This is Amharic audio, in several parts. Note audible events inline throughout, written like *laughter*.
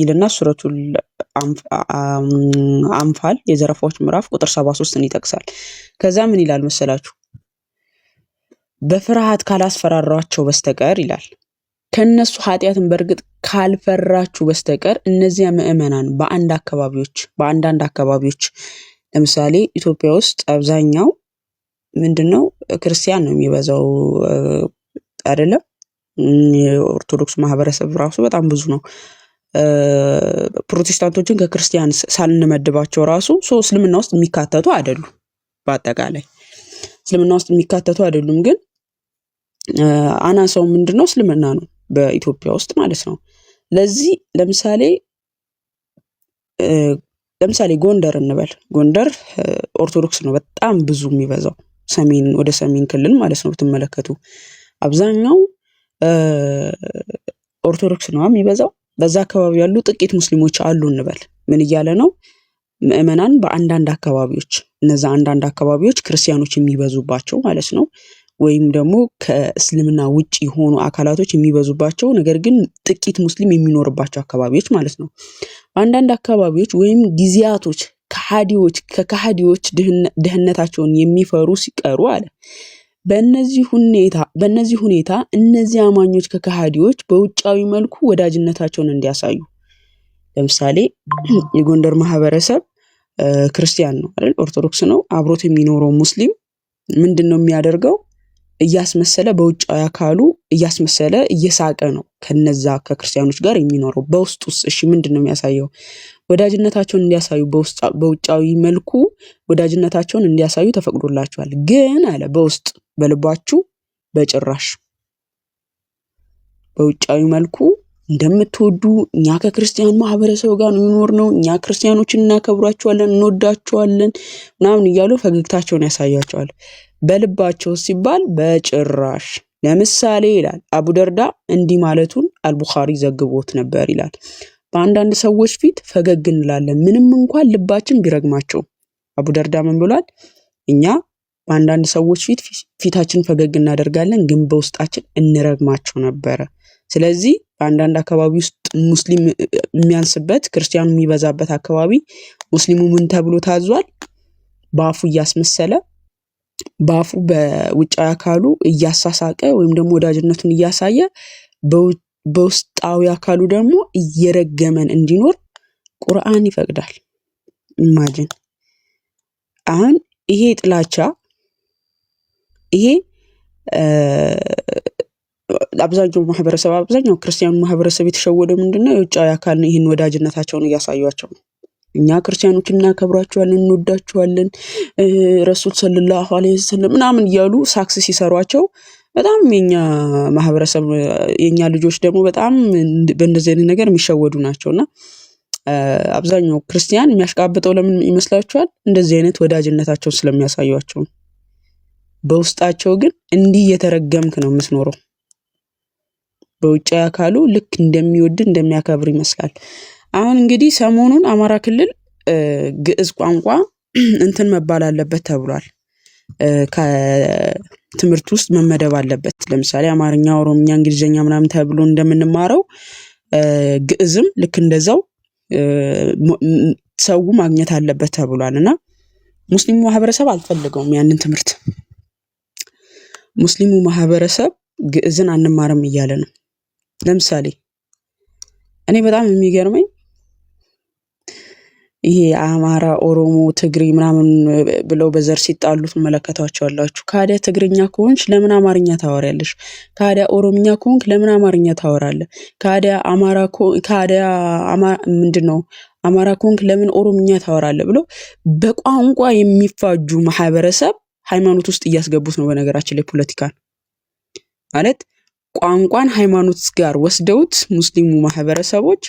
ይልና ሱረቱል አንፋል የዘረፋዎች ምዕራፍ ቁጥር 73ን ይጠቅሳል። ከዛ ምን ይላል መሰላችሁ? በፍርሃት ካላስፈራሯቸው በስተቀር ይላል ከነሱ ኃጢአትን በእርግጥ ካልፈራችሁ በስተቀር እነዚያ ምዕመናን በአንድ አካባቢዎች በአንዳንድ አካባቢዎች ለምሳሌ ኢትዮጵያ ውስጥ አብዛኛው ምንድን ነው ክርስቲያን ነው የሚበዛው አይደለም። የኦርቶዶክስ ማህበረሰብ ራሱ በጣም ብዙ ነው። ፕሮቴስታንቶችን ከክርስቲያን ሳንመድባቸው ራሱ እስልምና ውስጥ የሚካተቱ አይደሉም። በአጠቃላይ እስልምና ውስጥ የሚካተቱ አይደሉም። ግን አናሳው ምንድን ነው? እስልምና ነው በኢትዮጵያ ውስጥ ማለት ነው። ለዚህ ለምሳሌ ለምሳሌ ጎንደር እንበል። ጎንደር ኦርቶዶክስ ነው በጣም ብዙ የሚበዛው ሰሜን ወደ ሰሜን ክልል ማለት ነው ብትመለከቱ አብዛኛው ኦርቶዶክስ ነው የሚበዛው በዛ አካባቢ ያሉ ጥቂት ሙስሊሞች አሉ እንበል። ምን እያለ ነው? ምዕመናን በአንዳንድ አካባቢዎች እነዛ አንዳንድ አካባቢዎች ክርስቲያኖች የሚበዙባቸው ማለት ነው ወይም ደግሞ ከእስልምና ውጭ የሆኑ አካላቶች የሚበዙባቸው ነገር ግን ጥቂት ሙስሊም የሚኖርባቸው አካባቢዎች ማለት ነው። በአንዳንድ አካባቢዎች ወይም ጊዜያቶች ከሃዲዎች ከከሃዲዎች ደህንነታቸውን የሚፈሩ ሲቀሩ አለ በእነዚህ ሁኔታ እነዚህ አማኞች ከካሃዲዎች በውጫዊ መልኩ ወዳጅነታቸውን እንዲያሳዩ ለምሳሌ የጎንደር ማህበረሰብ ክርስቲያን ነው አይደል? ኦርቶዶክስ ነው። አብሮት የሚኖረው ሙስሊም ምንድን ነው የሚያደርገው? እያስመሰለ በውጫዊ አካሉ እያስመሰለ እየሳቀ ነው ከነዛ ከክርስቲያኖች ጋር የሚኖረው። በውስጡ ውስጥ እሺ ምንድን ነው የሚያሳየው? ወዳጅነታቸውን እንዲያሳዩ በውጫዊ መልኩ ወዳጅነታቸውን እንዲያሳዩ ተፈቅዶላቸዋል። ግን አለ በውስጥ በልባችሁ በጭራሽ በውጫዊ መልኩ እንደምትወዱ እኛ ከክርስቲያን ማህበረሰብ ጋር የሚኖር ነው፣ እኛ ክርስቲያኖችን እናከብሯቸዋለን፣ እንወዳቸዋለን ምናምን እያሉ ፈገግታቸውን ያሳያቸዋል። በልባቸው ሲባል በጭራሽ ለምሳሌ ይላል አቡደርዳ እንዲህ ማለቱን አልቡኻሪ ዘግቦት ነበር ይላል። በአንዳንድ ሰዎች ፊት ፈገግ እንላለን ምንም እንኳን ልባችን ቢረግማቸው። አቡደርዳ ምን ብሏል? እኛ በአንዳንድ ሰዎች ፊት ፊታችን ፈገግ እናደርጋለን፣ ግን በውስጣችን እንረግማቸው ነበረ። ስለዚህ በአንዳንድ አካባቢ ውስጥ ሙስሊም የሚያንስበት ክርስቲያኑ የሚበዛበት አካባቢ ሙስሊሙ ምን ተብሎ ታዟል? በአፉ እያስመሰለ በአፉ በውጫዊ አካሉ እያሳሳቀ ወይም ደግሞ ወዳጅነቱን እያሳየ በውስጣዊ አካሉ ደግሞ እየረገመን እንዲኖር ቁርአን ይፈቅዳል። ኢማጂን አሁን ይሄ ጥላቻ ይሄ አብዛኛው ማህበረሰብ አብዛኛው ክርስቲያኑ ማህበረሰብ የተሸወደው ምንድነው? የውጫዊ አካል ነው ይህን ወዳጅነታቸውን እያሳዩቸው ነው። እኛ ክርስቲያኖች እናከብራቸዋለን፣ እንወዳቸዋለን ረሱል ሰለላሁ ዐለይሂ ወሰለም ምናምን እያሉ ሳክስ ሲሰሯቸው በጣም የኛ ማህበረሰብ የኛ ልጆች ደግሞ በጣም በእንደዚህ አይነት ነገር የሚሸወዱ ናቸው እና አብዛኛው ክርስቲያን የሚያሽቃብጠው ለምን ይመስላችኋል? እንደዚህ አይነት ወዳጅነታቸውን ስለሚያሳዩቸው። በውስጣቸው ግን እንዲህ እየተረገምክ ነው የምትኖረው። በውጭ አካሉ ልክ እንደሚወድ እንደሚያከብር ይመስላል። አሁን እንግዲህ ሰሞኑን አማራ ክልል ግዕዝ ቋንቋ *clears throat* እንትን መባል አለበት ተብሏል። ከትምህርት ውስጥ መመደብ አለበት። ለምሳሌ አማርኛ፣ ኦሮምኛ፣ እንግሊዝኛ ምናምን ተብሎ እንደምንማረው ግዕዝም ልክ እንደዛው ሰው ማግኘት አለበት ተብሏል እና ሙስሊሙ ማህበረሰብ አልፈልገውም ያንን ትምህርት። ሙስሊሙ ማህበረሰብ ግዕዝን አንማርም እያለ ነው። ለምሳሌ እኔ በጣም የሚገርመኝ ይሄ አማራ፣ ኦሮሞ፣ ትግሪ ምናምን ብለው በዘር ሲጣሉ ትመለከቷቸዋላችሁ። ካዲያ ትግርኛ ከሆንሽ ለምን አማርኛ ታወሪያለሽ? ካዲያ ኦሮምኛ ከሆንክ ለምን አማርኛ ታወራለህ? ካዲያ አማራ ካዲያ ምንድን ነው አማራ ከሆንክ ለምን ኦሮምኛ ታወራለህ? ብሎ በቋንቋ የሚፋጁ ማህበረሰብ ሃይማኖት ውስጥ እያስገቡት ነው። በነገራችን ላይ ፖለቲካን ማለት ቋንቋን ሃይማኖት ጋር ወስደውት ሙስሊሙ ማህበረሰቦች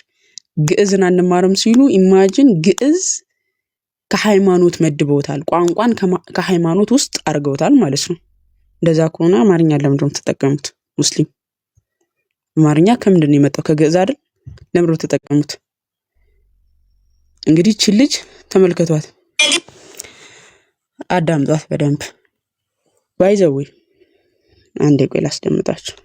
ግዕዝን አንማርም ሲሉ ኢማጂን ግዕዝ ከሃይማኖት መድበውታል። ቋንቋን ከሃይማኖት ውስጥ አድርገውታል ማለት ነው። እንደዛ ከሆነ አማርኛ ለምንድን ነው የምትጠቀሙት? ሙስሊም አማርኛ ከምንድን ነው የመጣው? ከግዕዝ አይደል? ለምንድን ነው የምትጠቀሙት? እንግዲህ ይህች ልጅ ተመልከቷት፣ አዳምጧት በደንብ ባይዘዌ። አንዴ ቆይ ላስደምጣችሁ።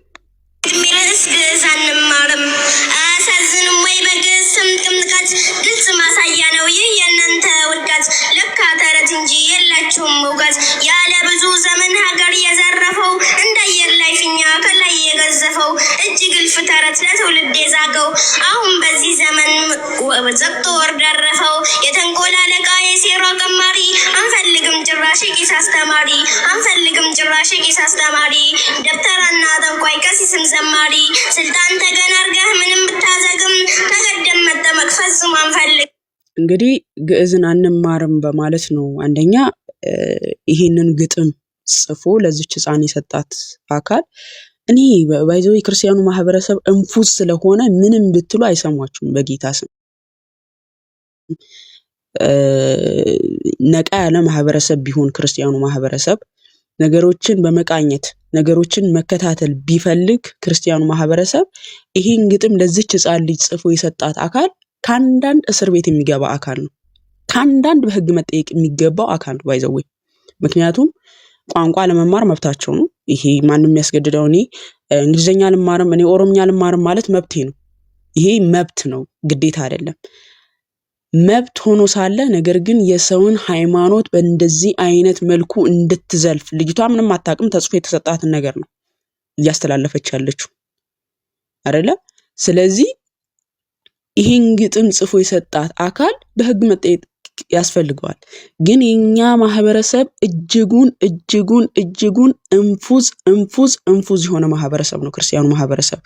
ማሳያ ነው። ይህ የእናንተ ውዳት ለካ ተረት እንጂ የላችሁም እውቀት። ያለ ብዙ ዘመን ሀገር የዘረፈው እንደ አየር ላይ ፊኛ ከላይ የገዘፈው እጅ ግልፍ ተረት ለትውልድ የዛገው አሁን በዚህ ዘመን ዘግቶ ወር ደረፈው የተንኮል አለቃ የሴራ ቀማሪ አንፈልግም ጭራሽ ቂስ አስተማሪ አንፈልግም ጭራሽ ቂስ አስተማሪ ደብተራና ጠንቋይ ቀሲስም ዘማሪ ስልጣን ተገናርገህ ምንም ብታዘግም ተገደ እንግዲህ ግዕዝን አንማርም በማለት ነው አንደኛ ይህንን ግጥም ጽፎ ለዚች ህፃን የሰጣት አካል እኔ ባይዘ የክርስቲያኑ ማህበረሰብ እንፉዝ ስለሆነ ምንም ብትሉ አይሰሟችሁም። በጌታ ስም ነቃ ያለ ማህበረሰብ ቢሆን ክርስቲያኑ ማህበረሰብ ነገሮችን በመቃኘት ነገሮችን መከታተል ቢፈልግ ክርስቲያኑ ማህበረሰብ ይህን ግጥም ለዚች ህፃን ልጅ ጽፎ የሰጣት አካል ከአንዳንድ እስር ቤት የሚገባ አካል ነው። ከአንዳንድ በህግ መጠየቅ የሚገባው አካል ነው ባይዘዌ ምክንያቱም ቋንቋ ለመማር መብታቸው ነው። ይሄ ማንም የሚያስገድደው እኔ እንግሊዝኛ ልማርም እኔ ኦሮምኛ ልማርም ማለት መብቴ ነው። ይሄ መብት ነው፣ ግዴታ አይደለም። መብት ሆኖ ሳለ ነገር ግን የሰውን ሃይማኖት በእንደዚህ አይነት መልኩ እንድትዘልፍ ልጅቷ ምንም አታውቅም። ተጽፎ የተሰጣትን ነገር ነው እያስተላለፈች ያለችው አደለም ስለዚህ ይህን ግጥም ጽፎ የሰጣት አካል በህግ መጠየቅ ያስፈልገዋል። ግን የኛ ማህበረሰብ እጅጉን እጅጉን እጅጉን እንፉዝ እንፉዝ እንፉዝ የሆነ ማህበረሰብ ነው ክርስቲያኑ ማህበረሰብ።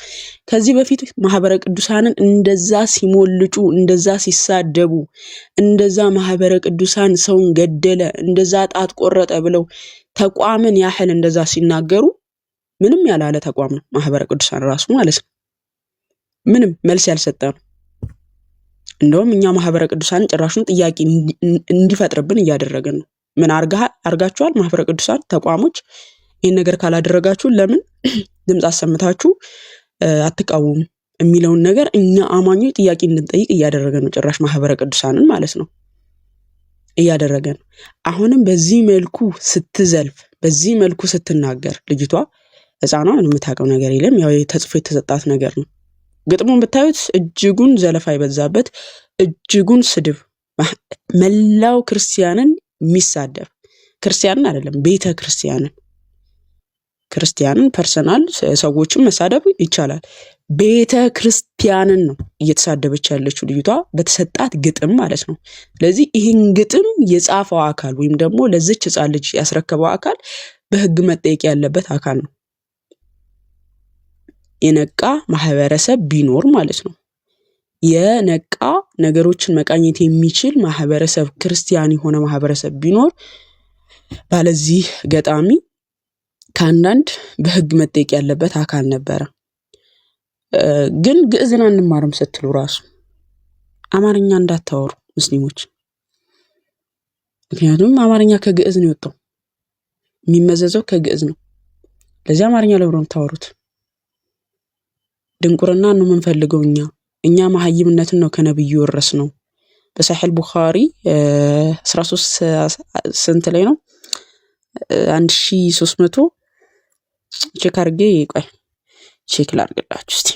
ከዚህ በፊት ማህበረ ቅዱሳንን እንደዛ ሲሞልጩ፣ እንደዛ ሲሳደቡ፣ እንደዛ ማህበረ ቅዱሳን ሰውን ገደለ፣ እንደዛ ጣት ቆረጠ ብለው ተቋምን ያህል እንደዛ ሲናገሩ ምንም ያላለ ተቋም ነው ማህበረ ቅዱሳን ራሱ ማለት ነው። ምንም መልስ ያልሰጠ ነው። እንደውም እኛ ማህበረ ቅዱሳን ጭራሹን ጥያቄ እንዲፈጥርብን እያደረገ ነው። ምን አርጋችኋል? ማህበረ ቅዱሳን ተቋሞች ይህን ነገር ካላደረጋችሁ ለምን *clears throat* ድምፅ አሰምታችሁ አትቃወሙ የሚለውን ነገር እኛ አማኞች ጥያቄ እንድንጠይቅ እያደረገ ነው። ጭራሽ ማህበረ ቅዱሳንን ማለት ነው እያደረገ ነው። አሁንም በዚህ መልኩ ስትዘልፍ፣ በዚህ መልኩ ስትናገር ልጅቷ ህፃኗን የምታውቀው ነገር የለም። ያው ተጽፎ የተሰጣት ነገር ነው። ግጥሙን ብታዩት እጅጉን ዘለፋ የበዛበት እጅጉን ስድብ፣ መላው ክርስቲያንን የሚሳደብ ክርስቲያንን አይደለም ቤተ ክርስቲያንን ክርስቲያንን ፐርሰናል ሰዎችን መሳደብ ይቻላል። ቤተ ክርስቲያንን ነው እየተሳደበች ያለችው ልዩቷ በተሰጣት ግጥም ማለት ነው። ስለዚህ ይህን ግጥም የጻፈው አካል ወይም ደግሞ ለዚች ህፃን ልጅ ያስረከበው አካል በህግ መጠየቅ ያለበት አካል ነው። የነቃ ማህበረሰብ ቢኖር ማለት ነው። የነቃ ነገሮችን መቃኘት የሚችል ማህበረሰብ ክርስቲያን የሆነ ማህበረሰብ ቢኖር ባለዚህ ገጣሚ ከአንዳንድ በህግ መጠየቅ ያለበት አካል ነበረ። ግን ግዕዝን አንማርም ስትሉ ራሱ አማርኛ እንዳታወሩ ሙስሊሞች። ምክንያቱም አማርኛ ከግዕዝ ነው የወጣው፣ የሚመዘዘው ከግዕዝ ነው። ለዚህ አማርኛ ለብሮ የምታወሩት ድንቁርና ነው የምንፈልገው እኛ እኛ መሀይምነትን ነው ከነብዩ ወረስ ነው። በሳሒል ቡኻሪ 13 ስንት ላይ ነው? 1300 ቼክ አርጌ ቆይ ቼክ ላርግላችሁ እስቲ።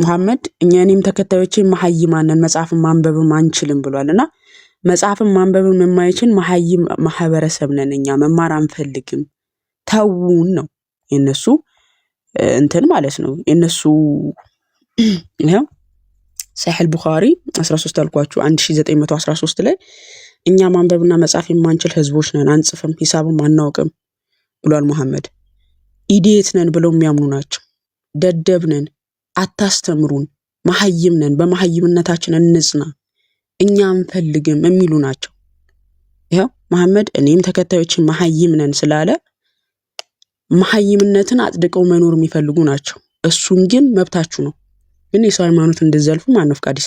ሙሐመድ እኛ እኔም ተከታዮቼ መሀይማንን መጽሐፍን ማንበብም አንችልም ብሏል እና መጽሐፍን ማንበብም የማይችል መሀይም ማህበረሰብ ነን እኛ መማር አንፈልግም ተዉን ነው የነሱ እንትን ማለት ነው የእነሱ ይኸው ሳሒህ ቡኻሪ 13 አልኳችሁ 1913 ላይ እኛ ማንበብና መጻፍ የማንችል ህዝቦች ነን፣ አንጽፍም፣ ሂሳብም አናውቅም ብሏል መሐመድ። ኢዲየት ነን ብለው የሚያምኑ ናቸው። ደደብ ነን፣ አታስተምሩን፣ መሐይም ነን፣ በመሐይምነታችን እንጽና፣ እኛ አንፈልግም የሚሉ ናቸው። ይኸው መሐመድ እኔም ተከታዮችን መሐይም ነን ስላለ መሀይምነትን አጥድቀው መኖር የሚፈልጉ ናቸው። እሱም ግን መብታችሁ ነው። ግን የሰው ሃይማኖት እንድዘልፉ ማነው ፍቃድ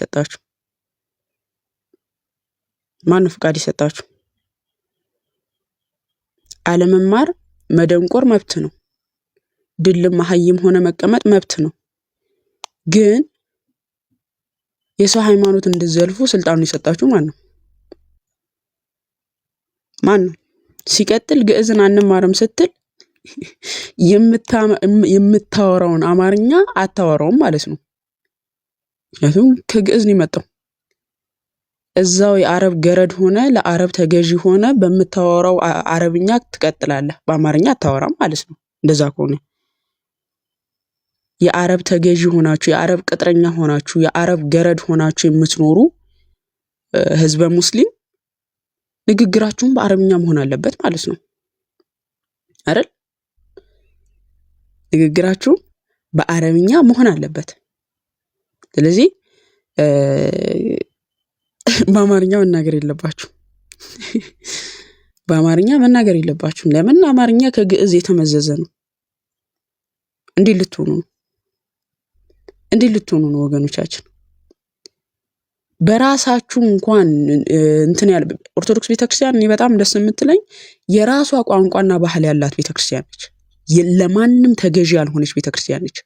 ማን ነው ፍቃድ ይሰጣችሁ? አለመማር መደንቆር መብት ነው። ድልም መሀይም ሆነ መቀመጥ መብት ነው። ግን የሰው ሃይማኖት እንድዘልፉ ስልጣኑን ይሰጣችሁ ማን ነው? ማን ነው? ሲቀጥል ግዕዝን አንማርም ስትል የምታወራውን አማርኛ አታወራውም ማለት ነው። ምክንያቱም ከግዕዝ ነው የመጣው። እዛው የአረብ ገረድ ሆነ ለአረብ ተገዢ ሆነ በምታወራው አረብኛ ትቀጥላለህ፣ በአማርኛ አታወራም ማለት ነው። እንደዛ ከሆነ የአረብ ተገዢ ሆናችሁ፣ የአረብ ቅጥረኛ ሆናችሁ፣ የአረብ ገረድ ሆናችሁ የምትኖሩ ህዝበ ሙስሊም ንግግራችሁም በአረብኛ መሆን አለበት ማለት ነው አይደል? ንግግራችሁ በአረብኛ መሆን አለበት። ስለዚህ በአማርኛ መናገር የለባችሁ በአማርኛ መናገር የለባችሁም። ለምን አማርኛ ከግዕዝ የተመዘዘ ነው። እንዲህ ልትሆኑ ነው። እንዲህ ልትሆኑ ነው ወገኖቻችን። በራሳችሁ እንኳን እንትን ያለ ኦርቶዶክስ ቤተክርስቲያን እኔ በጣም ደስ የምትለኝ የራሷ ቋንቋና ባህል ያላት ቤተክርስቲያን ነች። ለማንም ተገዢ ያልሆነች ቤተክርስቲያን ነች።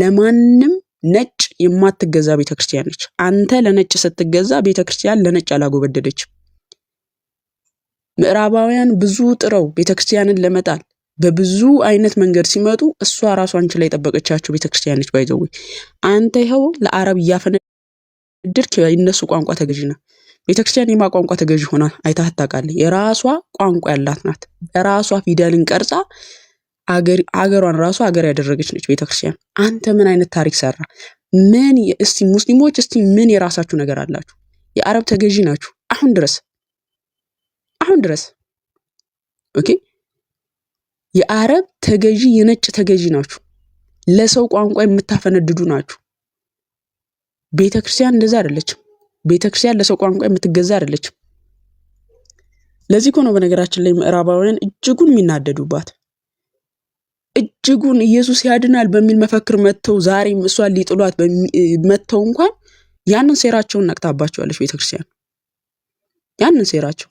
ለማንም ነጭ የማትገዛ ቤተክርስቲያን ነች። አንተ ለነጭ ስትገዛ ቤተክርስቲያን ለነጭ አላጎበደደችም። ምዕራባውያን ብዙ ጥረው ቤተክርስቲያንን ለመጣል በብዙ አይነት መንገድ ሲመጡ እሷ ራሷ አንቺ ላይ የጠበቀቻቸው ቤተክርስቲያን ነች። ባይዘው አንተ ይኸው ለአረብ እያፈነድርክ የእነሱ ቋንቋ ተገዢ ናት። ቤተክርስቲያን የማ ቋንቋ ተገዢ ሆና አይታ ታውቃለህ? የራሷ ቋንቋ ያላት ናት። በራሷ ፊደልን ቀርጻ አገሯን ራሱ ሀገር ያደረገች ነች ቤተክርስቲያን። አንተ ምን አይነት ታሪክ ሰራ? ምን እስቲ ሙስሊሞች እስቲ ምን የራሳችሁ ነገር አላችሁ? የአረብ ተገዢ ናችሁ አሁን ድረስ አሁን ድረስ ኦኬ። የአረብ ተገዢ የነጭ ተገዢ ናችሁ። ለሰው ቋንቋ የምታፈነድዱ ናችሁ። ቤተክርስቲያን እንደዛ አይደለችም። ቤተክርስቲያን ለሰው ቋንቋ የምትገዛ አይደለችም። ለዚህ እኮ ነው በነገራችን ላይ ምዕራባውያን እጅጉን የሚናደዱባት። እጅጉን ኢየሱስ ያድናል በሚል መፈክር መጥተው ዛሬም እሷን ሊጥሏት መጥተው እንኳን ያንን ሴራቸውን ነቅታባቸዋለች ቤተክርስቲያን። ያንን ሴራቸው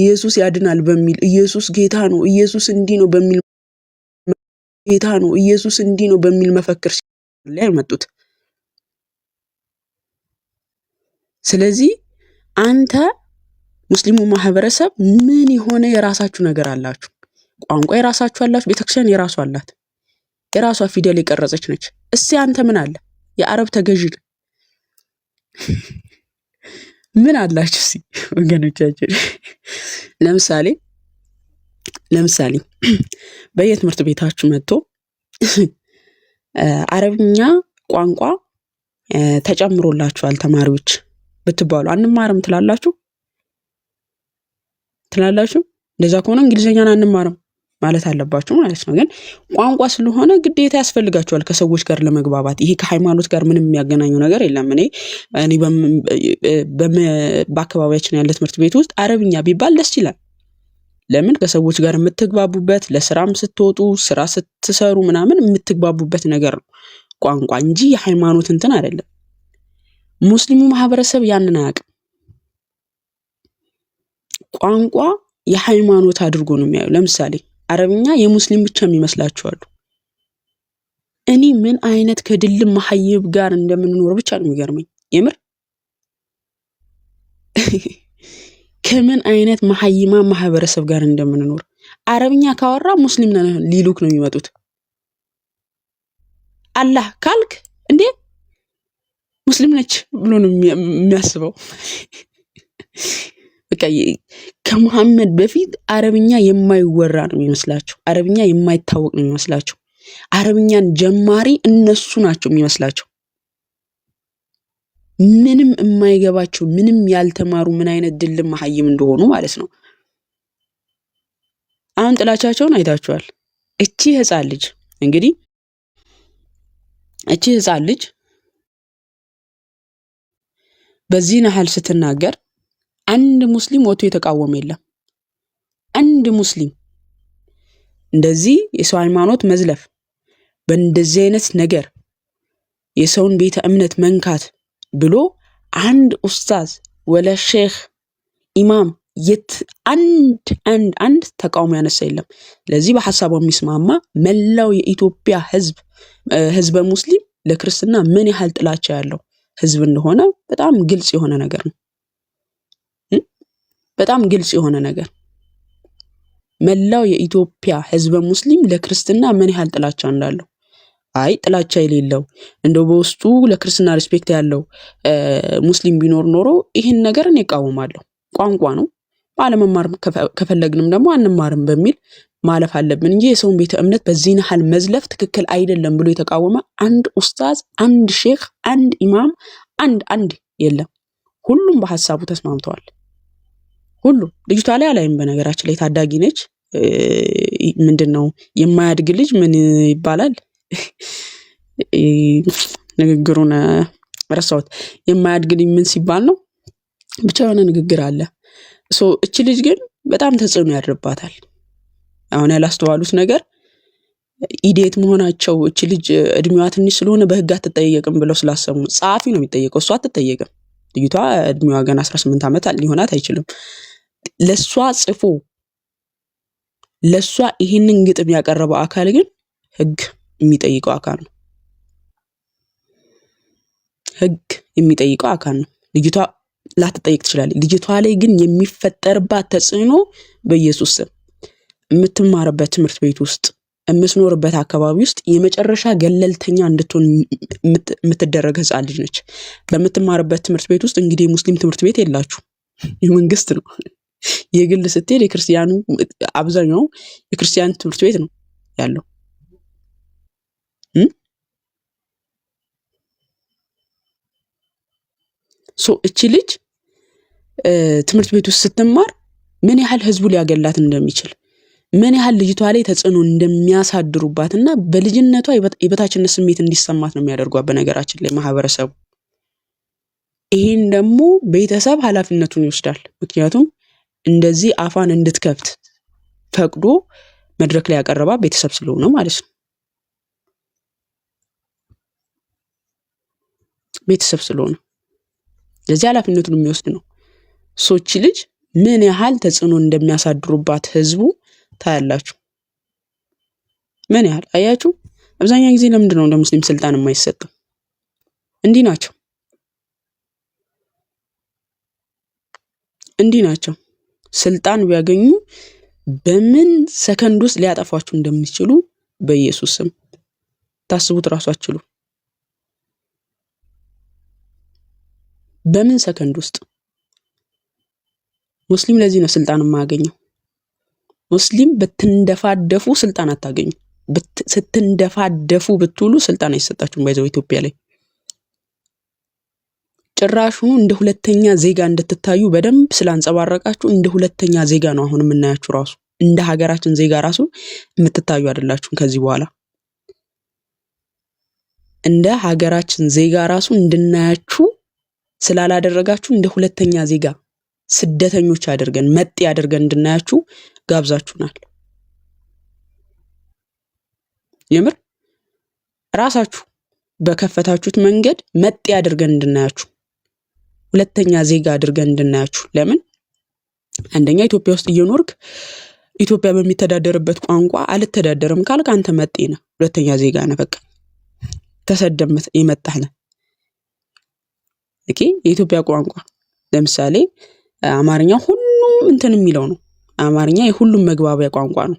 ኢየሱስ ያድናል በሚል ኢየሱስ ጌታ ነው፣ ኢየሱስ እንዲህ ነው በሚል ጌታ ነው፣ ኢየሱስ እንዲህ ነው በሚል መፈክር ላይ መጡት። ስለዚህ አንተ ሙስሊሙ ማህበረሰብ ምን የሆነ የራሳችሁ ነገር አላችሁ። ቋንቋ የራሳችሁ አላችሁ፣ ቤተክርስቲያን የራሷ አላት፣ የራሷ ፊደል የቀረጸች ነች። እስቲ አንተ ምን አለ የአረብ ተገዥ *laughs* ምን አላችሁ እስኪ ወገኖቻችን? *laughs* ለምሳሌ ለምሳሌ *clears throat* በየትምህርት ቤታችሁ መጥቶ *clears throat* አረብኛ ቋንቋ ተጨምሮላችኋል ተማሪዎች ብትባሉ አንማርም ትላላችሁ ትላላችሁ? እንደዛ ከሆነ እንግሊዝኛን አንማርም ማለት አለባችሁ ማለት ነው። ግን ቋንቋ ስለሆነ ግዴታ ያስፈልጋቸዋል ከሰዎች ጋር ለመግባባት። ይሄ ከሃይማኖት ጋር ምንም የሚያገናኙ ነገር የለም። እኔ እኔ በአካባቢያችን ያለ ትምህርት ቤት ውስጥ አረብኛ ቢባል ደስ ይላል። ለምን ከሰዎች ጋር የምትግባቡበት ለስራም ስትወጡ ስራ ስትሰሩ ምናምን የምትግባቡበት ነገር ነው ቋንቋ እንጂ የሃይማኖት እንትን አይደለም። ሙስሊሙ ማህበረሰብ ያንን አያውቅም። ቋንቋ የሃይማኖት አድርጎ ነው የሚያዩ ለምሳሌ አረብኛ የሙስሊም ብቻ የሚመስላችኋሉ? እኔ ምን አይነት ከድልም መሀይብ ጋር እንደምንኖር ብቻ ነው የሚገርመኝ። የምር *laughs* ከምን አይነት መሀይማ ማህበረሰብ ጋር እንደምንኖር አረብኛ ካወራ ሙስሊም ሊሉክ ነው የሚመጡት። አላህ ካልክ እንዴ ሙስሊም ነች ብሎ ነው የሚያስበው። *laughs* በቃ ከመሐመድ በፊት አረብኛ የማይወራ ነው የሚመስላቸው። አረብኛ የማይታወቅ ነው የሚመስላቸው። አረብኛን ጀማሪ እነሱ ናቸው የሚመስላቸው። ምንም የማይገባቸው ምንም ያልተማሩ ምን አይነት ድልም መሀይም እንደሆኑ ማለት ነው። አሁን ጥላቻቸውን አይታችኋል። እቺ ህፃን ልጅ እንግዲህ እቺ ህፃን ልጅ በዚህ ናህል ስትናገር አንድ ሙስሊም ወጥቶ የተቃወመ የለም። አንድ ሙስሊም እንደዚህ የሰው ሃይማኖት መዝለፍ፣ በእንደዚህ አይነት ነገር የሰውን ቤተ እምነት መንካት ብሎ አንድ ኡስታዝ ወለ ሼህ ኢማም የት አንድ አንድ አንድ ተቃውሞ ያነሳ የለም። ስለዚህ በሀሳቡ የሚስማማ መላው የኢትዮጵያ ህዝብ ህዝበ ሙስሊም ለክርስትና ምን ያህል ጥላቻ ያለው ህዝብ እንደሆነ በጣም ግልጽ የሆነ ነገር ነው። በጣም ግልጽ የሆነ ነገር መላው የኢትዮጵያ ህዝበ ሙስሊም ለክርስትና ምን ያህል ጥላቻ እንዳለው አይ ጥላቻ የሌለው እንደው በውስጡ ለክርስትና ሪስፔክት ያለው ሙስሊም ቢኖር ኖሮ ይህን ነገር እኔ እቃወማለሁ። ቋንቋ ነው፣ አለመማር ከፈለግንም ደግሞ አንማርም በሚል ማለፍ አለብን እንጂ የሰውን ቤተ እምነት በዚህን ያህል መዝለፍ ትክክል አይደለም ብሎ የተቃወመ አንድ ኡስታዝ፣ አንድ ሼክ፣ አንድ ኢማም፣ አንድ አንድ የለም። ሁሉም በሀሳቡ ተስማምተዋል። ሁሉ ልጅቷ ላይ አላይም። በነገራችን ላይ ታዳጊ ነች። ምንድን ነው የማያድግ ልጅ ምን ይባላል? ንግግሩን ረሳሁት። የማያድግ ልጅ ምን ሲባል ነው? ብቻ የሆነ ንግግር አለ። እች ልጅ ግን በጣም ተጽዕኖ ያድርባታል። አሁን ያላስተዋሉት ነገር ኢዴት መሆናቸው እች ልጅ እድሜዋ ትንሽ ስለሆነ በህግ አትጠየቅም ብለው ስላሰቡ ጸሐፊ ነው የሚጠየቀው፣ እሷ አትጠየቅም። ልጅቷ እድሜዋ ገና 18 ዓመት ሊሆናት አይችልም። ለሷ ጽፎ ለሷ ይህንን ግጥም ያቀረበው አካል ግን ህግ የሚጠይቀው አካል ነው። ህግ የሚጠይቀው አካል ነው። ልጅቷ ላትጠይቅ ትችላለች። ልጅቷ ላይ ግን የሚፈጠርባት ተጽዕኖ በኢየሱስ ስም የምትማርበት ትምህርት ቤት ውስጥ የምትኖርበት አካባቢ ውስጥ የመጨረሻ ገለልተኛ እንድትሆን የምትደረግ ህፃን ልጅ ነች። በምትማርበት ትምህርት ቤት ውስጥ እንግዲህ የሙስሊም ትምህርት ቤት የላችሁ የመንግስት ነው። የግል ስትሄድ የክርስቲያኑ አብዛኛው የክርስቲያን ትምህርት ቤት ነው ያለው። ሶ እቺ ልጅ ትምህርት ቤት ውስጥ ስትማር ምን ያህል ህዝቡ ሊያገላት እንደሚችል ምን ያህል ልጅቷ ላይ ተጽዕኖ እንደሚያሳድሩባት እና በልጅነቷ የበታችነት ስሜት እንዲሰማት ነው የሚያደርጓት። በነገራችን ላይ ማህበረሰቡ ይህን ደግሞ ቤተሰብ ኃላፊነቱን ይወስዳል። ምክንያቱም እንደዚህ አፏን እንድትከፍት ፈቅዶ መድረክ ላይ ያቀረባ ቤተሰብ ስለሆነ ማለት ነው። ቤተሰብ ስለሆነ ለዚህ ኃላፊነቱን የሚወስድ ነው። ሶቺ ልጅ ምን ያህል ተጽዕኖ እንደሚያሳድሩባት ህዝቡ ታያላችሁ። ምን ያህል አያችሁ። አብዛኛው ጊዜ ለምንድን ነው ለሙስሊም ስልጣን የማይሰጠው? እንዲህ ናቸው፣ እንዲህ ናቸው። ስልጣን ቢያገኙ በምን ሰከንድ ውስጥ ሊያጠፏችሁ እንደሚችሉ በኢየሱስ ስም ታስቡት ራሱ አችሉ። በምን ሰከንድ ውስጥ ሙስሊም ለዚህ ነው ስልጣን የማያገኘው። ሙስሊም ብትንደፋደፉ ስልጣን አታገኙ። ስትንደፋደፉ ብትውሉ ስልጣን አይሰጣችሁም። ባይዘው ኢትዮጵያ ላይ ጭራሹኑ እንደ ሁለተኛ ዜጋ እንድትታዩ በደንብ ስላንጸባረቃችሁ እንደ ሁለተኛ ዜጋ ነው አሁን የምናያችሁ። ራሱ እንደ ሀገራችን ዜጋ ራሱ የምትታዩ አይደላችሁም። ከዚህ በኋላ እንደ ሀገራችን ዜጋ ራሱ እንድናያችሁ ስላላደረጋችሁ እንደ ሁለተኛ ዜጋ ስደተኞች አድርገን መጤ አድርገን እንድናያችሁ ጋብዛችሁናል። የምር ራሳችሁ በከፈታችሁት መንገድ መጤ አድርገን እንድናያችሁ ሁለተኛ ዜጋ አድርገን እንድናያችሁ። ለምን አንደኛ ኢትዮጵያ ውስጥ እየኖርክ ኢትዮጵያ በሚተዳደርበት ቋንቋ አልተዳደርም ካልክ አንተ መጤ ነህ፣ ሁለተኛ ዜጋ ነህ። በቃ ተሰደም የመጣህ ነህ። የኢትዮጵያ ቋንቋ ለምሳሌ አማርኛ ሁሉም እንትን የሚለው ነው። አማርኛ የሁሉም መግባቢያ ቋንቋ ነው።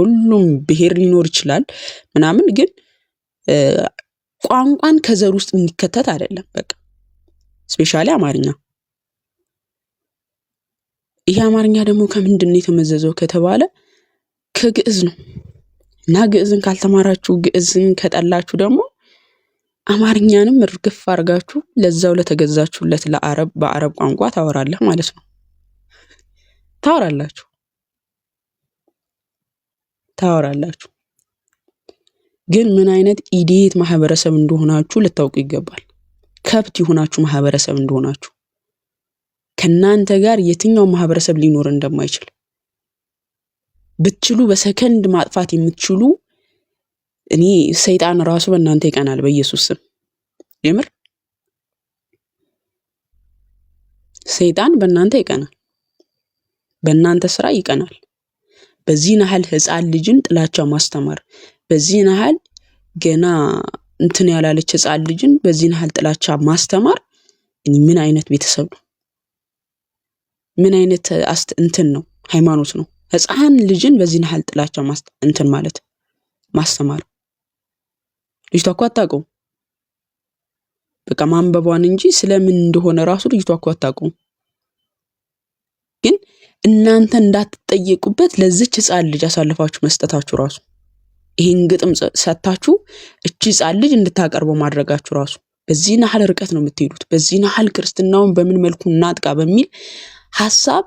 ሁሉም ብሔር ሊኖር ይችላል ምናምን፣ ግን ቋንቋን ከዘር ውስጥ የሚከተት አይደለም በቃ ስፔሻሊ አማርኛ። ይሄ አማርኛ ደግሞ ከምንድን ነው የተመዘዘው ከተባለ ከግዕዝ ነው እና ግዕዝን ካልተማራችሁ፣ ግዕዝን ከጠላችሁ ደግሞ አማርኛንም እርግፍ አድርጋችሁ ለዛው ለተገዛችሁለት ለአረብ በአረብ ቋንቋ ታወራለህ ማለት ነው። ታወራላችሁ ታወራላችሁ ግን ምን አይነት ኢዴት ማህበረሰብ እንደሆናችሁ ልታውቁ ይገባል። ከብት የሆናችሁ ማህበረሰብ እንደሆናችሁ ከእናንተ ጋር የትኛው ማህበረሰብ ሊኖር እንደማይችል ብትችሉ በሰከንድ ማጥፋት የምትችሉ እኔ ሰይጣን ራሱ በእናንተ ይቀናል። በኢየሱስ ስም የምር ሰይጣን በእናንተ ይቀናል፣ በእናንተ ስራ ይቀናል። በዚህ ናህል ህፃን ልጅን ጥላቻ ማስተማር በዚህ ናህል ገና እንትን ያላለች ህፃን ልጅን በዚህን ያህል ጥላቻ ማስተማር ምን አይነት ቤተሰብ ነው? ምን አይነት እንትን ነው? ሃይማኖት ነው? ህፃን ልጅን በዚህን ያህል ጥላቻ እንትን ማለት ማስተማር። ልጅቷ እኮ አታውቀውም። በቃ ማንበቧን እንጂ ስለምን እንደሆነ ራሱ ልጅቷ እኮ አታውቀውም። ግን እናንተ እንዳትጠየቁበት ለዚች ህፃን ልጅ አሳልፋችሁ መስጠታችሁ ራሱ ይህን ግጥም ሰታችሁ እቺ ህፃን ልጅ እንድታቀርበው ማድረጋችሁ ራሱ በዚህ ናህል ርቀት ነው የምትሄዱት። በዚህ ናህል ክርስትናውን በምን መልኩ እናጥቃ በሚል ሀሳብ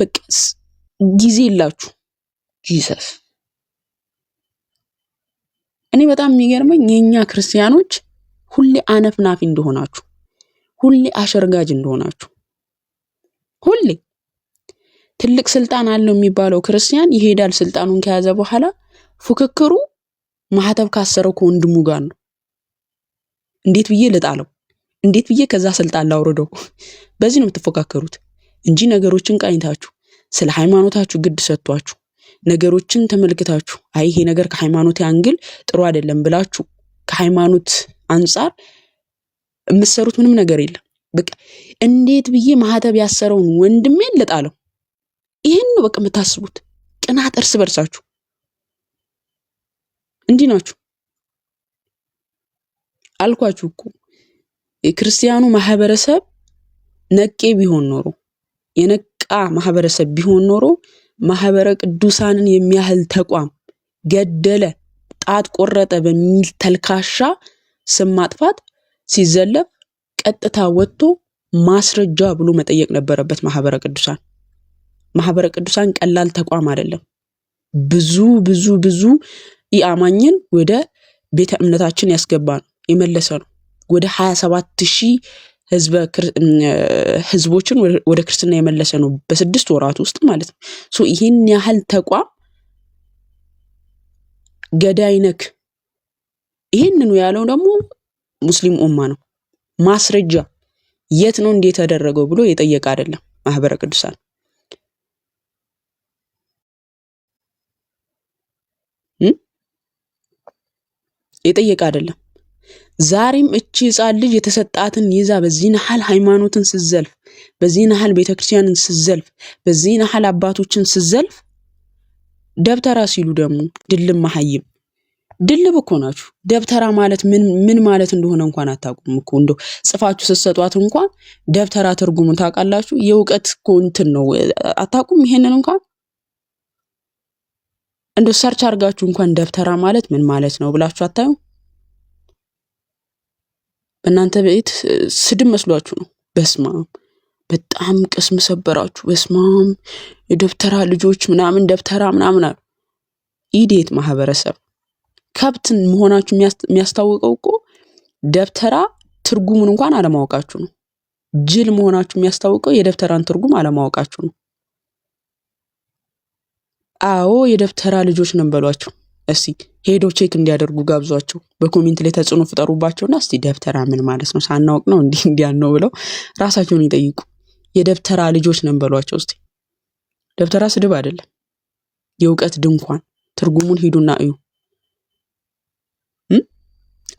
በቃ ጊዜ የላችሁ ጂሰስ። እኔ በጣም የሚገርመኝ የእኛ ክርስቲያኖች ሁሌ አነፍናፊ እንደሆናችሁ፣ ሁሌ አሸርጋጅ እንደሆናችሁ፣ ሁሌ ትልቅ ስልጣን አለው የሚባለው ክርስቲያን ይሄዳል ስልጣኑን ከያዘ በኋላ ፉክክሩ ማህተብ ካሰረው ከወንድሙ ጋር ነው። እንዴት ብዬ ልጣለው? እንዴት ብዬ ከዛ ስልጣን ላውርደው? በዚህ ነው የምትፎካከሩት እንጂ ነገሮችን ቃኝታችሁ ስለ ሃይማኖታችሁ ግድ ሰጥቷችሁ ነገሮችን ተመልክታችሁ አይ ይሄ ነገር ከሃይማኖት አንግል ጥሩ አይደለም ብላችሁ ከሃይማኖት አንጻር የምትሰሩት ምንም ነገር የለም። በቃ እንዴት ብዬ ማህተብ ያሰረውን ወንድሜን ልጣለው? ይህን ነው በቃ የምታስቡት። ቅናት እርስ በርሳችሁ እንዲህ ናችሁ አልኳችሁ እኮ የክርስቲያኑ ማህበረሰብ ነቄ ቢሆን ኖሮ የነቃ ማህበረሰብ ቢሆን ኖሮ ማህበረ ቅዱሳንን የሚያህል ተቋም ገደለ፣ ጣት ቆረጠ በሚል ተልካሻ ስም ማጥፋት ሲዘለፍ ቀጥታ ወጥቶ ማስረጃ ብሎ መጠየቅ ነበረበት። ማህበረ ቅዱሳን ማህበረ ቅዱሳን ቀላል ተቋም አይደለም። ብዙ ብዙ ብዙ ይህ አማኝን ወደ ቤተ እምነታችን ያስገባ ነው የመለሰ ነው። ወደ 27 ሺህ ህዝቦችን ወደ ክርስትና የመለሰ ነው በስድስት ወራት ውስጥ ማለት ነው። ይህን ያህል ተቋም ገዳይ ነክ ይህንኑ ያለው ደግሞ ሙስሊም ኡማ ነው። ማስረጃ የት ነው እንዴት ተደረገው ብሎ የጠየቀ አይደለም ማህበረ ቅዱሳን የጠየቀ አይደለም። ዛሬም እቺ ህፃን ልጅ የተሰጣትን ይዛ በዚህ ናህል ሃይማኖትን ስዘልፍ፣ በዚህን ያህል ቤተክርስቲያንን ስዘልፍ፣ በዚህ ናህል አባቶችን ስዘልፍ፣ ደብተራ ሲሉ ደግሞ ድልም መሀይም ድልብ እኮ ናችሁ። ደብተራ ማለት ምን ማለት እንደሆነ እንኳን አታውቁም እኮ እንደው ጽፋችሁ ስትሰጧት እንኳን ደብተራ ትርጉሙ ታውቃላችሁ። የእውቀት እኮ እንትን ነው። አታውቁም ይሄንን እንኳን እንደ ሰርች አድርጋችሁ እንኳን ደብተራ ማለት ምን ማለት ነው ብላችሁ አታዩ? በእናንተ ቤት ስድብ መስሏችሁ ነው። በስማም በጣም ቅስም ሰበራችሁ። በስማም የደብተራ ልጆች ምናምን ደብተራ ምናምን አሉ። ኢዴት ማህበረሰብ ከብትን መሆናችሁ የሚያስታውቀው እኮ ደብተራ ትርጉሙን እንኳን አለማወቃችሁ ነው። ጅል መሆናችሁ የሚያስታውቀው የደብተራን ትርጉም አለማወቃችሁ ነው። አዎ የደብተራ ልጆች ነን በሏቸው። እስቲ ሄዶ ቼክ እንዲያደርጉ ጋብዟቸው። በኮሜንት ላይ ተጽዕኖ ፍጠሩባቸውና እስቲ ደብተራ ምን ማለት ነው ሳናውቅ ነው እንዲህ እንዲያን ነው ብለው ራሳቸውን ይጠይቁ። የደብተራ ልጆች ነን በሏቸው እስቲ። ደብተራ ስድብ አይደለም፣ የእውቀት ድንኳን። ትርጉሙን ሂዱና እዩ።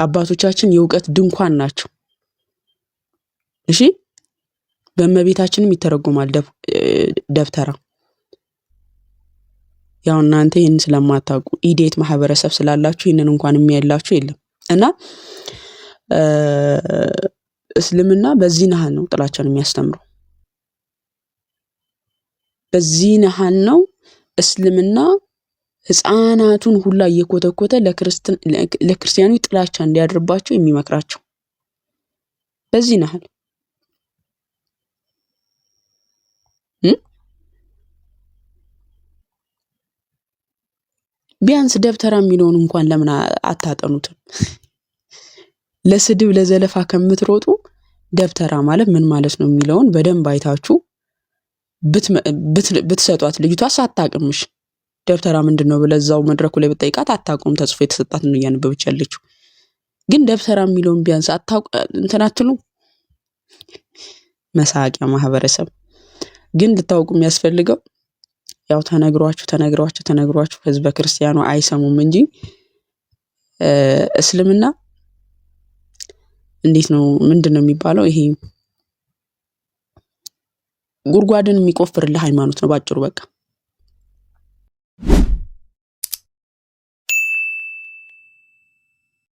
አባቶቻችን የእውቀት ድንኳን ናቸው። እሺ፣ በእመቤታችንም ይተረጎማል ደብተራ። ያው እናንተ ይህን ስለማታውቁ ኢዴት ማህበረሰብ ስላላችሁ ይህንን እንኳን የሚያላችሁ የለም እና እስልምና በዚህ ነሃን ነው ጥላቻን የሚያስተምረው። በዚህ ነሃን ነው እስልምና ህፃናቱን ሁላ እየኮተኮተ ለክርስቲያኑ ጥላቻ እንዲያድርባቸው የሚመክራቸው በዚህ ናህል ቢያንስ ደብተራ የሚለውን እንኳን ለምን አታጠኑትም? ለስድብ ለዘለፋ ከምትሮጡ ደብተራ ማለት ምን ማለት ነው የሚለውን በደንብ አይታችሁ ብትሰጧት ልጅቷ ሳታቅምሽ ደብተራ ምንድን ነው ብለህ መድረኩ ላይ ብጠይቃት አታቁም ተጽፎ የተሰጣት ነው እያነበበች ያለችው። ግን ደብተራ የሚለውን ቢያንስ እንትናትሉ መሳቂያ ማህበረሰብ ግን ልታውቁ የሚያስፈልገው ያው ተነግሯችሁ ተነግሯችሁ ተነግሯችሁ ህዝበ ክርስቲያኑ አይሰሙም እንጂ እስልምና እንዴት ነው ምንድን ነው የሚባለው? ይሄ ጉድጓድን የሚቆፍርልህ ሃይማኖት ነው ባጭሩ በቃ።